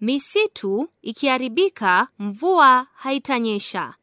Misitu ikiharibika, mvua haitanyesha.